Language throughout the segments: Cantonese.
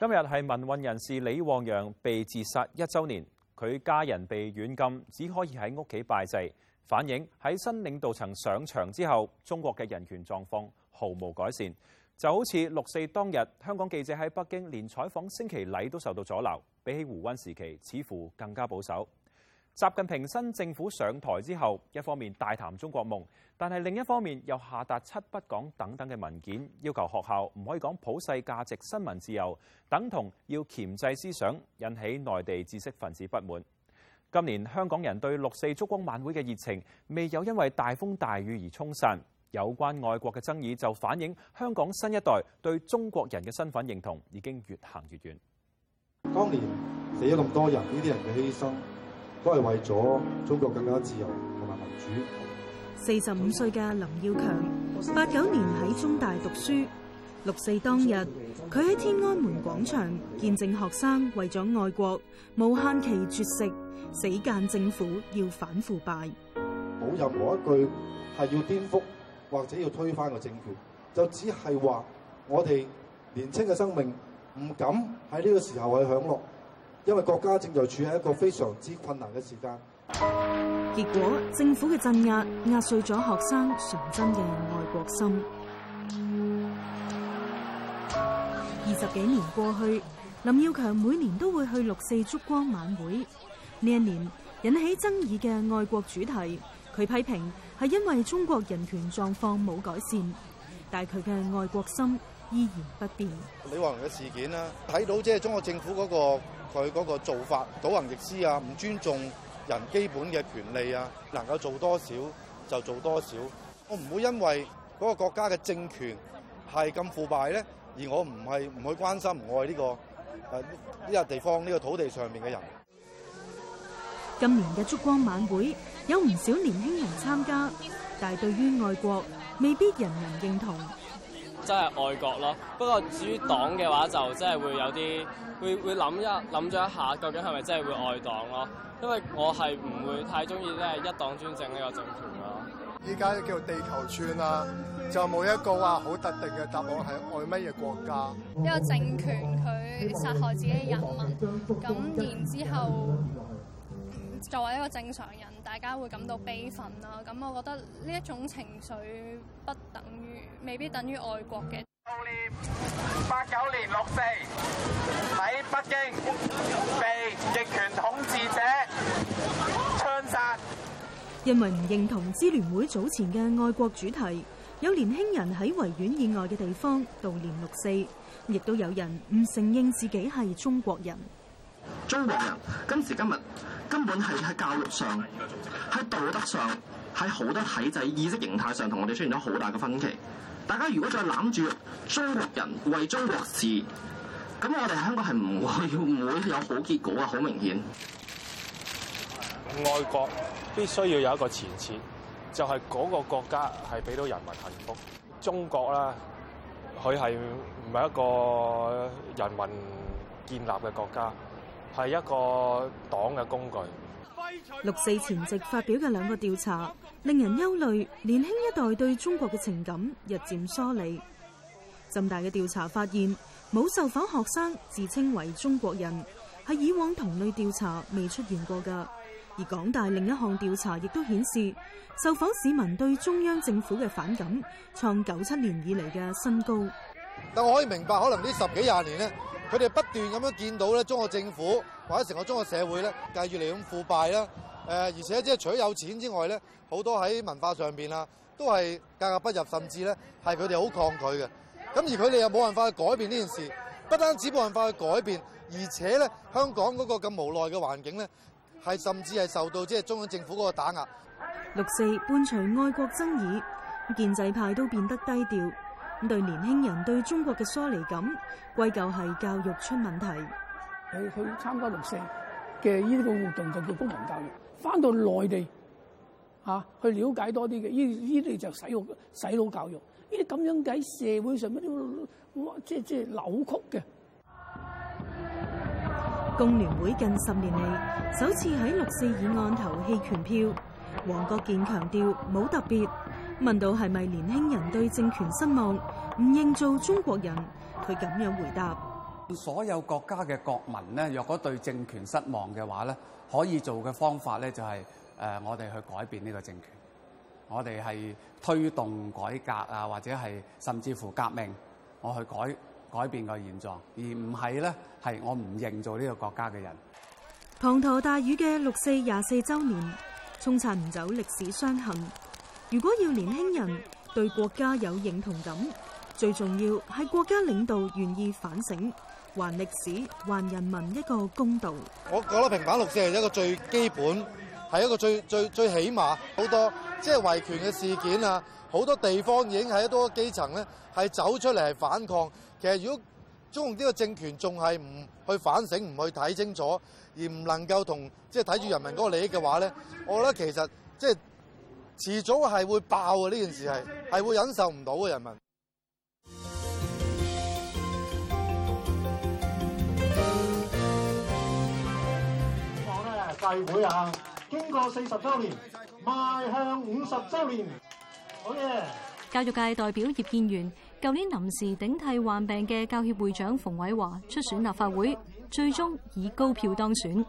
今日係民運人士李旺陽被自殺一週年，佢家人被軟禁，只可以喺屋企拜祭。反映喺新領導層上場之後，中國嘅人權狀況毫無改善，就好似六四當日，香港記者喺北京連採訪升旗禮都受到阻撓，比起胡温時期，似乎更加保守。習近平新政府上台之後，一方面大談中國夢，但係另一方面又下達七不講等等嘅文件，要求學校唔可以講普世價值、新聞自由，等同要鉗制思想，引起內地知識分子不滿。今年香港人對六四燭光晚會嘅熱情，未有因為大風大雨而沖散。有關愛國嘅爭議就反映香港新一代對中國人嘅身份認同已經越行越遠。當年死咗咁多人，呢啲人嘅犧牲。都係為咗中國更加自由同埋民主。四十五歲嘅林耀強，八九年喺中大讀書。六四當日，佢喺天安門廣場見證學生為咗愛國，無限期絕食，死諫政府要反腐敗。冇任何一句係要顛覆或者要推翻個政權，就只係話我哋年輕嘅生命唔敢喺呢個時候去享樂。因為國家正在處於一個非常之困難嘅時間。結果，政府嘅鎮壓壓碎咗學生純真嘅愛國心。二十幾年過去，林耀強每年都會去六四燭光晚會。呢一年引起爭議嘅愛國主題，佢批評係因為中國人權狀況冇改善，但佢嘅愛國心，依然不變。李旺陽嘅事件啦，睇到即係中國政府嗰個佢嗰個做法，倒行逆施啊，唔尊重人基本嘅權利啊，能夠做多少就做多少。我唔會因為嗰個國家嘅政權係咁腐敗咧，而我唔係唔去關心、唔愛呢個呢個地方、呢個土地上面嘅人。今年嘅燭光晚會有唔少年輕人參加，但係對於愛國未必人人認同。真係愛國咯，不過至於黨嘅話就真係會有啲會會諗一諗咗一,一下，究竟係咪真係會愛黨咯？因為我係唔會太中意咧一黨專政呢個政權咯。依家叫地球村啦，就冇一個話好特定嘅答案係愛乜嘢國家。呢個政權佢殺害自己嘅人民，咁然之後。作為一個正常人，大家會感到悲憤啦。咁我覺得呢一種情緒不等於，未必等於愛國嘅悼念。八九年六四喺北京被極權統治者槍殺。因為唔認同支聯會早前嘅愛國主題，有年輕人喺維園以外嘅地方悼念六四，亦都有人唔承認自己係中國人。中國人今時今日根本係喺教育上、喺道德上、喺好多體制意識形態上，同我哋出現咗好大嘅分歧。大家如果再攬住中國人為中國事，咁我哋喺香港係唔會唔會有好結果啊！好明顯，愛國必須要有一個前提，就係、是、嗰個國家係俾到人民幸福。中國呢，佢係唔係一個人民建立嘅國家？係一個黨嘅工具。六四前夕發表嘅兩個調查，令人憂慮年輕一代對中國嘅情感日漸疏離。浸大嘅調查發現，冇受訪學生自稱為中國人，係以往同類調查未出現過㗎。而港大另一項調查亦都顯示，受訪市民對中央政府嘅反感創九七年以嚟嘅新高。但我可以明白，可能呢十幾廿年呢。佢哋不斷咁樣見到咧，中國政府或者成個中國社會咧，越嚟越咁腐敗啦。誒，而且即係除咗有錢之外咧，好多喺文化上邊啦，都係格格不入，甚至咧係佢哋好抗拒嘅。咁而佢哋又冇辦法去改變呢件事，不單止冇辦法去改變，而且咧香港嗰個咁無奈嘅環境咧，係甚至係受到即係中央政府嗰個打壓。六四伴隨愛國爭議，建制派都變得低調。對年輕人對中國嘅疏離感，歸咎係教育出問題。去去參加六四嘅呢個活動就叫公民教育，翻到內地吓、啊、去了解多啲嘅，呢呢啲就使用洗腦教育，呢啲咁樣喺社會上邊都即係即係扭曲嘅。工聯會近十年嚟，首次喺六四議案投棄權票，黃國健強調冇特別。問到係咪年輕人對政權失望，唔認做中國人，佢咁樣回答：所有國家嘅國民咧，若果對政權失望嘅話，可以做嘅方法咧就係、是、誒、呃，我哋去改變呢個政權，我哋係推動改革啊，或者係甚至乎革命，我去改改變這個現狀，而唔係咧係我唔認做呢個國家嘅人。滂沱大雨嘅六四廿四周年，沖刷唔走歷史傷痕。如果要年輕人對國家有認同感，最重要係國家領導願意反省，還歷史、還人民一個公道。我覺得平反六四係一個最基本，係一個最最最起碼好多即係、就是、維權嘅事件啊！好多地方已經喺多個基層咧係走出嚟反抗。其實如果中共呢個政權仲係唔去反省、唔去睇清楚，而唔能夠同即係睇住人民嗰個利益嘅話咧，我覺得其實即係。就是遲早係會爆啊！呢件事係係會忍受唔到嘅人民。咧，啊，經過四十週年，邁向五十週年。好嘅。教育界代表葉建源，舊年臨時頂替患病嘅教協會長馮偉華出選立法會，最終以高票當選。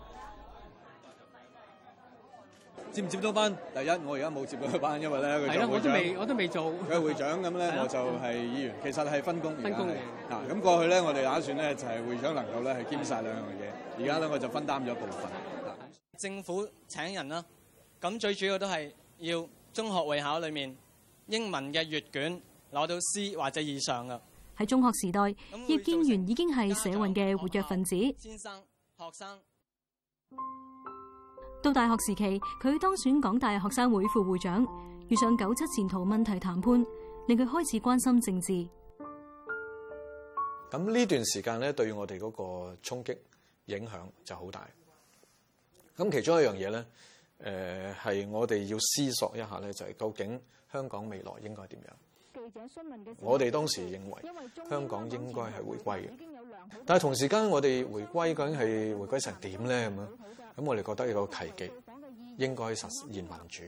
接唔接到班？第一，我而家冇接到班，因為咧佢做會長。係啦，我都未，我都未做。佢係會長咁咧，我就係議員。其實係分工。分工嘅。咁過去咧，我哋打算咧就係會長能夠咧係兼晒兩樣嘢。而家咧我就分擔咗部分。政府請人啦，咁最主要都係要中學會考裡面英文嘅閲卷攞到 C 或者以上㗎。喺中學時代，葉建源已經係社運嘅活躍分子。先生，學生。到大學時期，佢當選港大學生會副會長，遇上九七前途問題談判，令佢開始關心政治。咁呢段時間咧，對我哋嗰個衝擊影響就好大。咁其中一樣嘢咧，誒，係我哋要思索一下咧，就係、是、究竟香港未來應該點樣？記者詢問嘅，我哋當時認為香港應該係回歸嘅，但係同時間我哋回歸究竟係回歸成點咧？咁樣，咁我哋覺得呢個契機應該實現民主。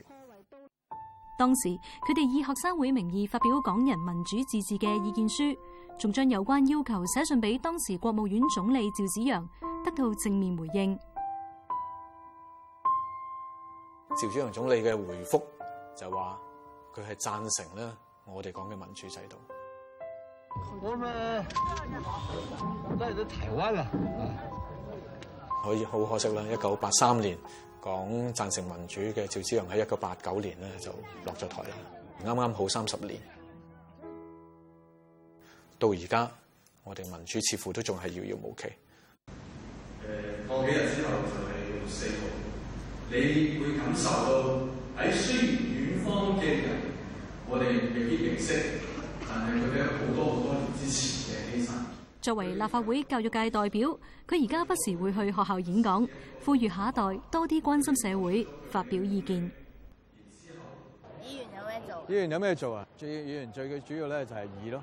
當時佢哋以學生會名義發表港人民主自治嘅意見書，仲將有關要求寫信俾當時國務院總理趙紫陽，得到正面回應。趙紫陽總理嘅回覆就話佢係贊成啦。我哋講嘅民主制度，我咪嚟到台灣啦，可以好可惜啦！一九八三年講贊成民主嘅趙紫陽喺一九八九年咧就落咗台啦，啱啱好三十年，到而家我哋民主似乎都仲係遙遙無期。誒過幾日之後就係四號，你會感受到喺雖然遠方嘅人。我哋未必認識，但係佢哋有好多好多人支持嘅醫生。作為立法會教育界代表，佢而家不時會去學校演講，呼籲下一代多啲關心社會，發表意見。議員有咩做？議員有咩做啊？最議員最嘅主要咧就係議咯，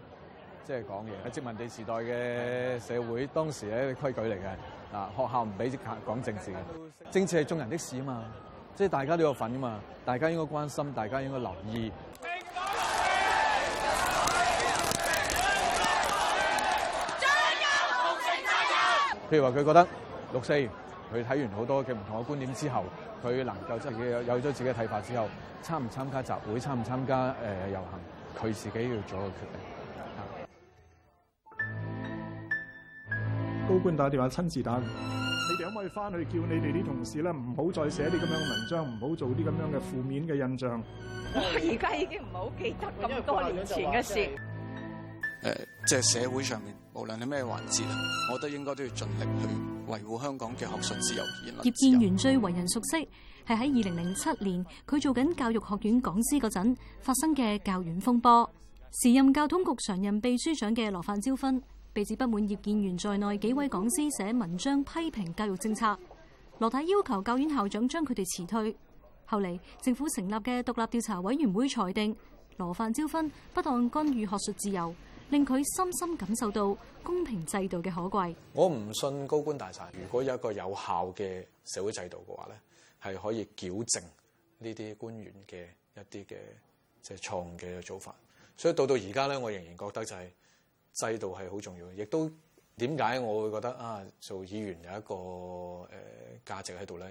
即係講嘢。殖民地時代嘅社會，當時係一個規矩嚟嘅。啊，學校唔俾講講政治嘅，政治係眾人的事啊嘛，即係大家都有份啊嘛，大家應該關心，大家應該留意。譬如話佢覺得六四，佢睇完好多嘅唔同嘅觀點之後，佢能夠即係有有咗自己嘅睇法之後，參唔參加集會，參唔參加誒遊行，佢自己要做個決定。高官打電話親自打，你哋可唔可以翻去叫你哋啲同事咧，唔好再寫啲咁樣嘅文章，唔好做啲咁樣嘅負面嘅印象。我而家已經唔係好記得咁多年前嘅事。誒。哎即係社會上面，無論你咩環節，我覺得應該都要盡力去維護香港嘅學術自由。葉建源最為人熟悉係喺二零零七年，佢做緊教育學院講師嗰陣發生嘅教院風波。時任交通局常任秘書長嘅羅范椒芬，被指不滿葉建源在內幾位講師寫文章批評教育政策，羅太要求教院校長將佢哋辭退。後嚟政府成立嘅獨立調查委員會裁定，羅范椒芬不當干預學術自由。令佢深深感受到公平制度嘅可貴。我唔信高官大臣，如果有一個有效嘅社會制度嘅話咧，係可以矯正呢啲官員嘅一啲嘅即係錯誤嘅做法。所以到到而家咧，我仍然覺得就係制度係好重要。亦都點解我會覺得啊，做議員有一個誒價、呃、值喺度咧？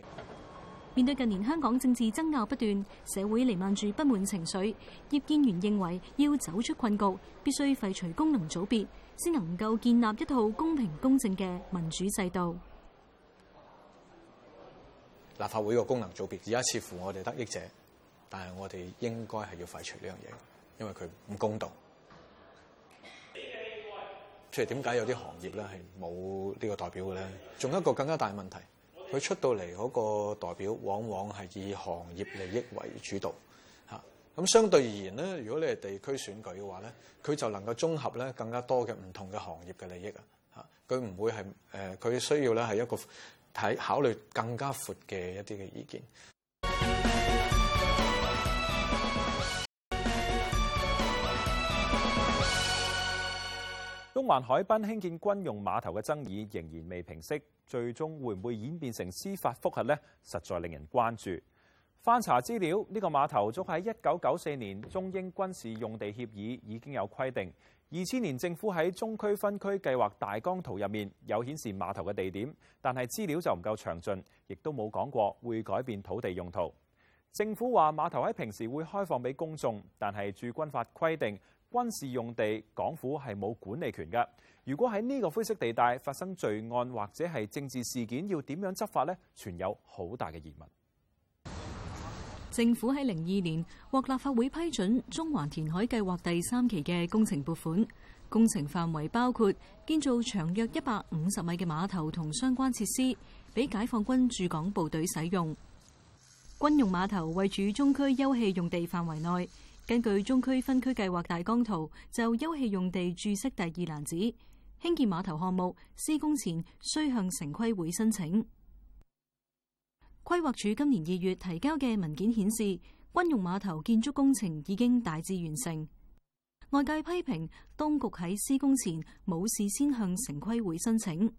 面對近年香港政治爭拗不斷，社會彌漫住不滿情緒，葉建源認為要走出困局，必須廢除功能組別，先能夠建立一套公平公正嘅民主制度。立法會個功能組別而家似乎我哋得益者，但係我哋應該係要廢除呢樣嘢，因為佢唔公道。即係點解有啲行業咧係冇呢個代表嘅咧？仲有一個更加大嘅問題。佢出到嚟嗰個代表，往往係以行業利益為主導，嚇。咁相對而言咧，如果你係地區選舉嘅話咧，佢就能夠綜合咧更、呃、更加多嘅唔同嘅行業嘅利益啊，嚇。佢唔會係誒，佢需要咧係一個睇考慮更加闊嘅一啲嘅意見。中環海濱興建軍用碼頭嘅爭議仍然未平息，最終會唔會演變成司法覆核呢？實在令人關注。翻查資料，呢、這個碼頭早喺一九九四年中英軍事用地協議已經有規定。二千年政府喺中區分區計劃大綱圖入面有顯示碼頭嘅地點，但係資料就唔夠詳盡，亦都冇講過會改變土地用途。政府話碼頭喺平時會開放俾公眾，但係駐軍法規定。軍事用地，港府係冇管理權㗎。如果喺呢個灰色地帶發生罪案或者係政治事件，要點樣執法呢？存有好大嘅疑問。政府喺零二年獲立法會批准中環填海計劃第三期嘅工程撥款，工程範圍包括建造長約一百五十米嘅碼頭同相關設施，俾解放軍駐港部隊使用。軍用碼頭位於中區休憩用地範圍內。根據中區分區計劃大綱圖，就休憩用地註釋第二欄子，興建碼頭項目，施工前需向城規會申請。規劃署今年二月提交嘅文件顯示，軍用碼頭建築工程已經大致完成。外界批評當局喺施工前冇事先向城規會申請。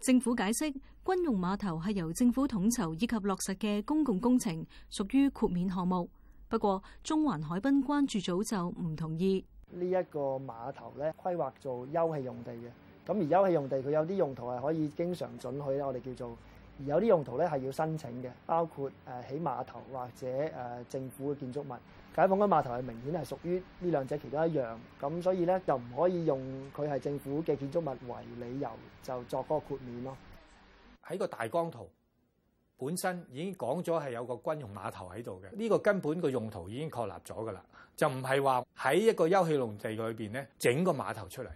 政府解釋，軍用碼頭係由政府統籌以及落實嘅公共工程，屬於豁免項目。不過中環海濱關注組就唔同意，這個、碼呢一個碼頭咧，規劃做休憩用地嘅。咁而休憩用地佢有啲用途係可以經常准許咧，我哋叫做；而有啲用途咧係要申請嘅，包括誒起碼頭或者誒、呃、政府嘅建築物。解放軍碼頭係明顯係屬於呢兩者其中一樣，咁所以咧就唔可以用佢係政府嘅建築物為理由就作嗰個豁免咯。喺個大江圖。本身已經講咗係有個軍用碼頭喺度嘅，呢個根本個用途已經確立咗噶啦，就唔係話喺一個休憩用地裏邊咧整個碼頭出嚟。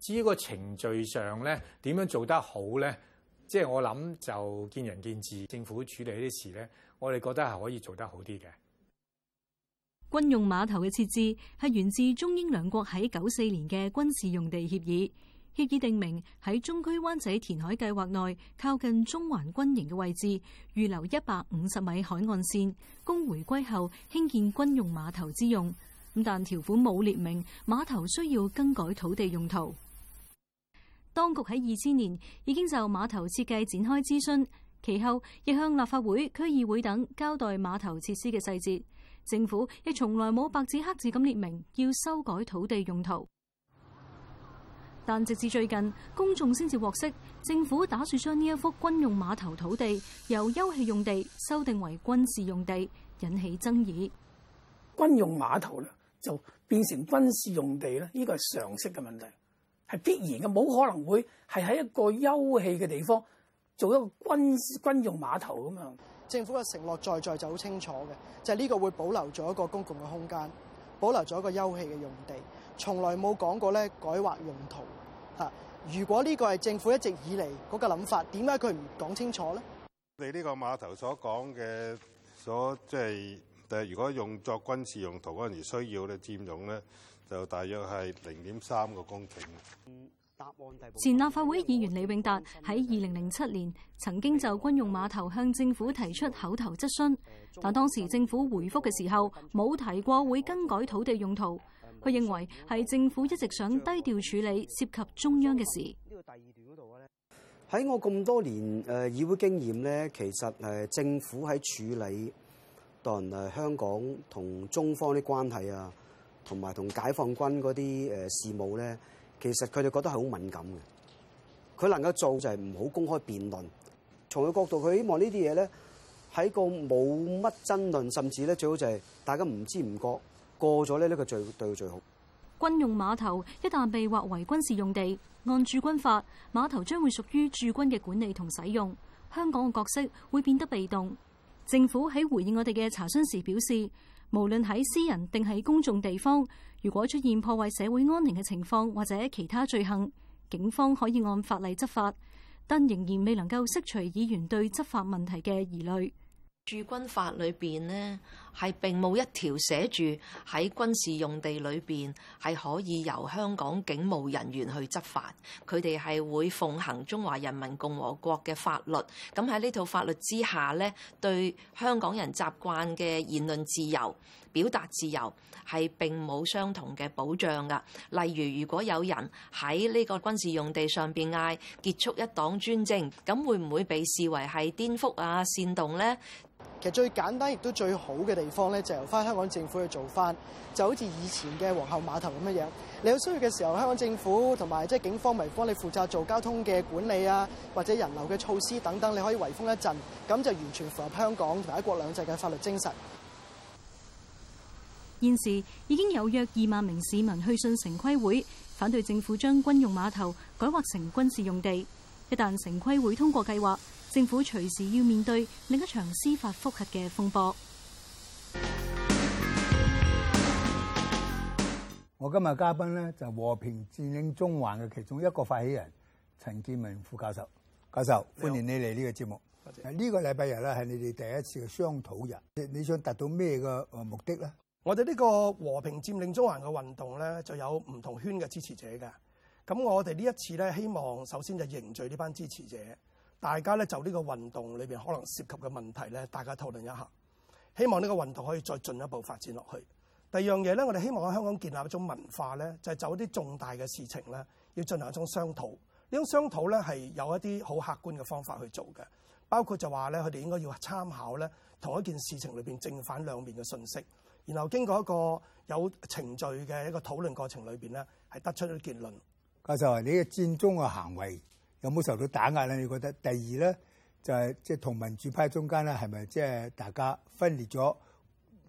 至於個程序上咧點樣做得好咧，即係我諗就見仁見智。政府處理呢啲事咧，我哋覺得係可以做得好啲嘅。軍用碼頭嘅設置係源自中英兩國喺九四年嘅軍事用地協議。協議定明喺中區灣仔填海計劃內，靠近中環軍營嘅位置預留一百五十米海岸線，供回歸後興建軍用碼頭之用。咁但條款冇列明碼頭需要更改土地用途。當局喺二千年已經就碼頭設計展開諮詢，其後亦向立法會、區議會等交代碼頭設施嘅細節。政府亦從來冇白紙黑字咁列明要修改土地用途。但直至最近，公眾先至獲悉政府打算將呢一幅軍用碼頭土地由休憩用地修訂為軍事用地，引起爭議。軍用碼頭咧就變成軍事用地咧，依、呢個係常識嘅問題，係必然嘅，冇可能會係喺一個休憩嘅地方做一個軍軍用碼頭咁樣。政府嘅承諾在在就好清楚嘅，就係、是、呢個會保留咗一個公共嘅空間，保留咗一個休憩嘅用地，從來冇講過咧改劃用途。嚇！如果呢個係政府一直以嚟嗰個諗法，點解佢唔講清楚呢？你呢個碼頭所講嘅，所即係，但係如果用作軍事用途嗰陣時需要咧佔用咧，就大約係零點三個公頃。答案。前立法會議員李永達喺二零零七年曾經就軍用碼頭向政府提出口頭質詢，但當時政府回覆嘅時候冇提過會更改土地用途。佢認為係政府一直想低調處理涉及中央嘅事。呢個第二段嗰度咧，喺我咁多年誒議會經驗咧，其實誒政府喺處理當然誒香港同中方啲關係啊，同埋同解放軍嗰啲誒事務咧，其實佢哋覺得係好敏感嘅。佢能夠做就係唔好公開辯論。從佢角度，佢希望呢啲嘢咧喺個冇乜爭論，甚至咧最好就係大家唔知唔覺。過咗咧，呢個最對佢、這個、最好。軍用碼頭一旦被劃為軍事用地，按駐軍法，碼頭將會屬於駐軍嘅管理同使用。香港嘅角色會變得被動。政府喺回應我哋嘅查詢時表示，無論喺私人定係公眾地方，如果出現破壞社會安寧嘅情況或者其他罪行，警方可以按法例執法，但仍然未能夠釋除議員對執法問題嘅疑慮。駐軍法裏邊呢，係並冇一條寫住喺軍事用地裏邊係可以由香港警務人員去執法，佢哋係會奉行中華人民共和國嘅法律。咁喺呢套法律之下呢，對香港人習慣嘅言論自由。表達自由係並冇相同嘅保障噶。例如，如果有人喺呢個軍事用地上邊嗌結束一黨專政，咁會唔會被視為係顛覆啊煽動咧？其實最簡單亦都最好嘅地方咧，就由翻香港政府去做翻，就好似以前嘅皇后碼頭咁樣樣，你有需要嘅時候，香港政府同埋即係警方咪幫你負責做交通嘅管理啊，或者人流嘅措施等等，你可以圍封一陣，咁就完全符合香港同埋一國兩制嘅法律精神。現時已經有約二萬名市民去信城規會，反對政府將軍用碼頭改劃成軍事用地。一旦城規會通過計劃，政府隨時要面對另一場司法覆核嘅風波。我今日嘉賓呢，就和平佔領中環嘅其中一個發起人陳健民副教授。教授，歡迎你嚟呢個節目。呢、啊呢個禮拜日咧係你哋第一次嘅商討日，你想達到咩嘅目的咧？我哋呢個和平佔領中環嘅運動呢，就有唔同圈嘅支持者嘅。咁我哋呢一次呢，希望首先就凝聚呢班支持者，大家呢，就呢個運動裏面可能涉及嘅問題呢，大家討論一下。希望呢個運動可以再進一步發展落去。第二樣嘢呢，我哋希望喺香港建立一種文化呢，就係就一啲重大嘅事情呢，要進行一種商討。呢種商討呢，係有一啲好客觀嘅方法去做嘅，包括就話呢，佢哋應該要參考呢同一件事情裏面正反兩面嘅信息。然後經過一個有程序嘅一個討論過程裏邊咧，係得出咗結論。教授，你嘅戰中嘅行為有冇受到打壓咧？你覺得第二咧就係即係同民主派中間咧，係咪即係大家分裂咗、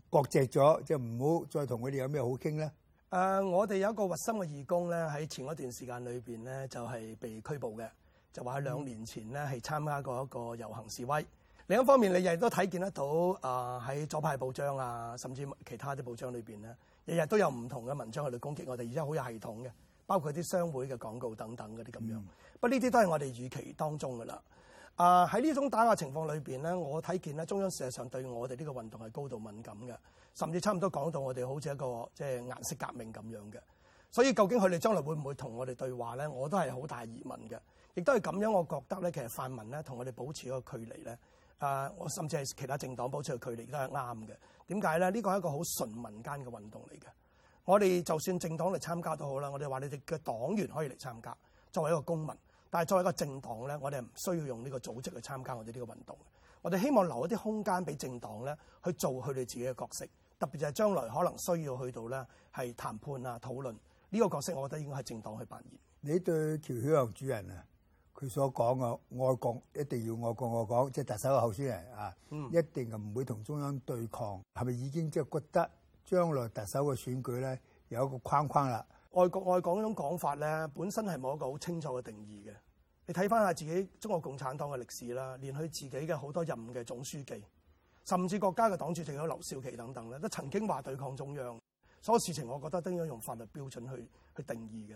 割席咗，即係唔好再同佢哋有咩好傾咧？誒、呃，我哋有一個核心嘅義工咧，喺前一段時間裏邊咧就係、是、被拘捕嘅，就話喺兩年前咧係參加過一個遊行示威。另一方面，你日日都睇見得到啊！喺左派報章啊，甚至其他啲報章裏面咧，日日都有唔同嘅文章去嚟攻擊我哋，而且好有系統嘅，包括啲商會嘅廣告等等嗰啲咁樣。不過呢啲都係我哋預期當中噶啦。啊，喺呢種打壓情況裏面咧，我睇見咧中央事實上對我哋呢個運動係高度敏感嘅，甚至差唔多講到我哋好似一個即係顏色革命咁樣嘅。所以究竟佢哋將來會唔會同我哋對話咧？我都係好大疑問嘅。亦都係咁樣，我覺得咧，其實泛民咧同我哋保持一個距離咧。誒、啊，我甚至係其他政黨保持佢距離都係啱嘅。點解咧？呢個係一個好純民間嘅運動嚟嘅。我哋就算政黨嚟參加都好啦，我哋話你哋嘅黨員可以嚟參加，作為一個公民。但係作為一個政黨咧，我哋唔需要用呢個組織去參加我哋呢個運動。我哋希望留一啲空間俾政黨咧去做佢哋自己嘅角色。特別就係將來可能需要去到咧係談判啊、討論呢、呢個角色，我覺得應該係政黨去扮演。你對喬曉陽主任啊，佢所講嘅愛國一定要愛國愛港，即係特首嘅候選人啊，嗯，一定唔會同中央對抗，係咪已經即係覺得將來特首嘅選舉咧有一個框框啦？愛國愛港嗰種講法咧，本身係冇一個好清楚嘅定義嘅。你睇翻下自己中國共產黨嘅歷史啦，連佢自己嘅好多任嘅總書記，甚至國家嘅黨主席有劉少奇等等咧，都曾經話對抗中央。所有事情，我覺得都要用法律標準去去定義嘅。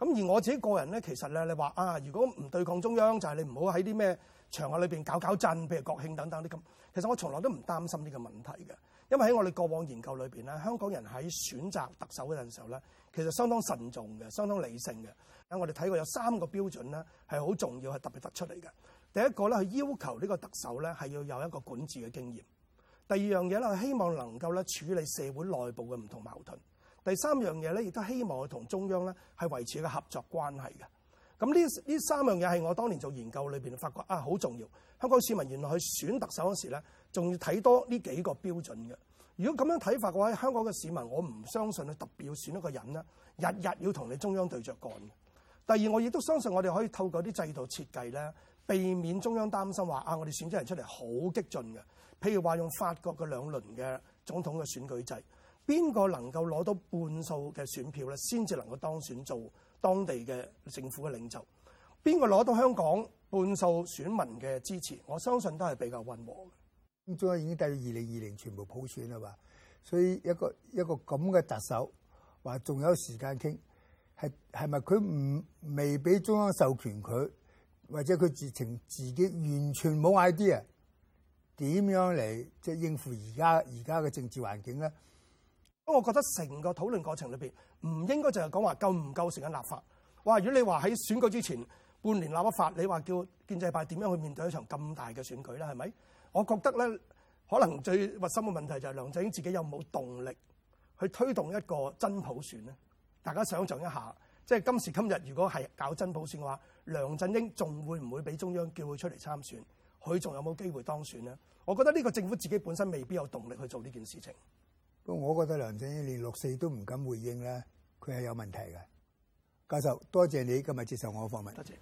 咁而我自己個人咧，其實咧，你話啊，如果唔對抗中央，就係、是、你唔好喺啲咩場合裏邊搞搞震，譬如國慶等等啲咁。其實我從來都唔擔心呢個問題嘅，因為喺我哋過往研究裏邊咧，香港人喺選擇特首嗰陣時候咧，其實相當慎重嘅，相當理性嘅。我哋睇過有三個標準咧，係好重要，係特別突出嚟嘅。第一個咧，係要求呢個特首咧係要有一個管治嘅經驗。第二樣嘢咧，係希望能夠咧處理社會內部嘅唔同矛盾。第三樣嘢咧，亦都希望佢同中央咧係維持個合作關係嘅。咁呢呢三樣嘢係我當年做研究裏面發覺啊，好重要。香港市民原來去選特首嗰時咧，仲要睇多呢幾個標準嘅。如果咁樣睇法嘅話，香港嘅市民，我唔相信佢特別要選一個人呢，日日要同你中央對着幹。第二，我亦都相信我哋可以透過啲制度設計咧，避免中央擔心話啊，我哋選咗人出嚟好激進嘅。譬如話用法國嘅兩輪嘅總統嘅選舉制。邊個能夠攞到半數嘅選票咧，先至能夠當選做當地嘅政府嘅領袖？邊個攞到香港半數選民嘅支持？我相信都係比較溫和嘅。中央已經到二零二零全部普選啦嘛，所以一個一個咁嘅特首話仲有時間傾，係係咪佢唔未俾中央授權佢，或者佢直情自己完全冇 idea 點樣嚟即係應付而家而家嘅政治環境咧？咁我覺得成個討論過程裏邊唔應該就係講話夠唔夠時間立法。哇！如果你話喺選舉之前半年立法，你話叫建制派點樣去面對一場咁大嘅選舉咧？係咪？我覺得咧，可能最核心嘅問題就係梁振英自己有冇動力去推動一個真普選咧？大家想象一下，即係今時今日如果係搞真普選嘅話，梁振英仲會唔會俾中央叫佢出嚟參選，佢仲有冇機會當選咧？我覺得呢個政府自己本身未必有動力去做呢件事情。不過我覺得梁振英連六四都唔敢回應咧，佢係有問題嘅。教授，多謝你今日接受我嘅訪問。多謝。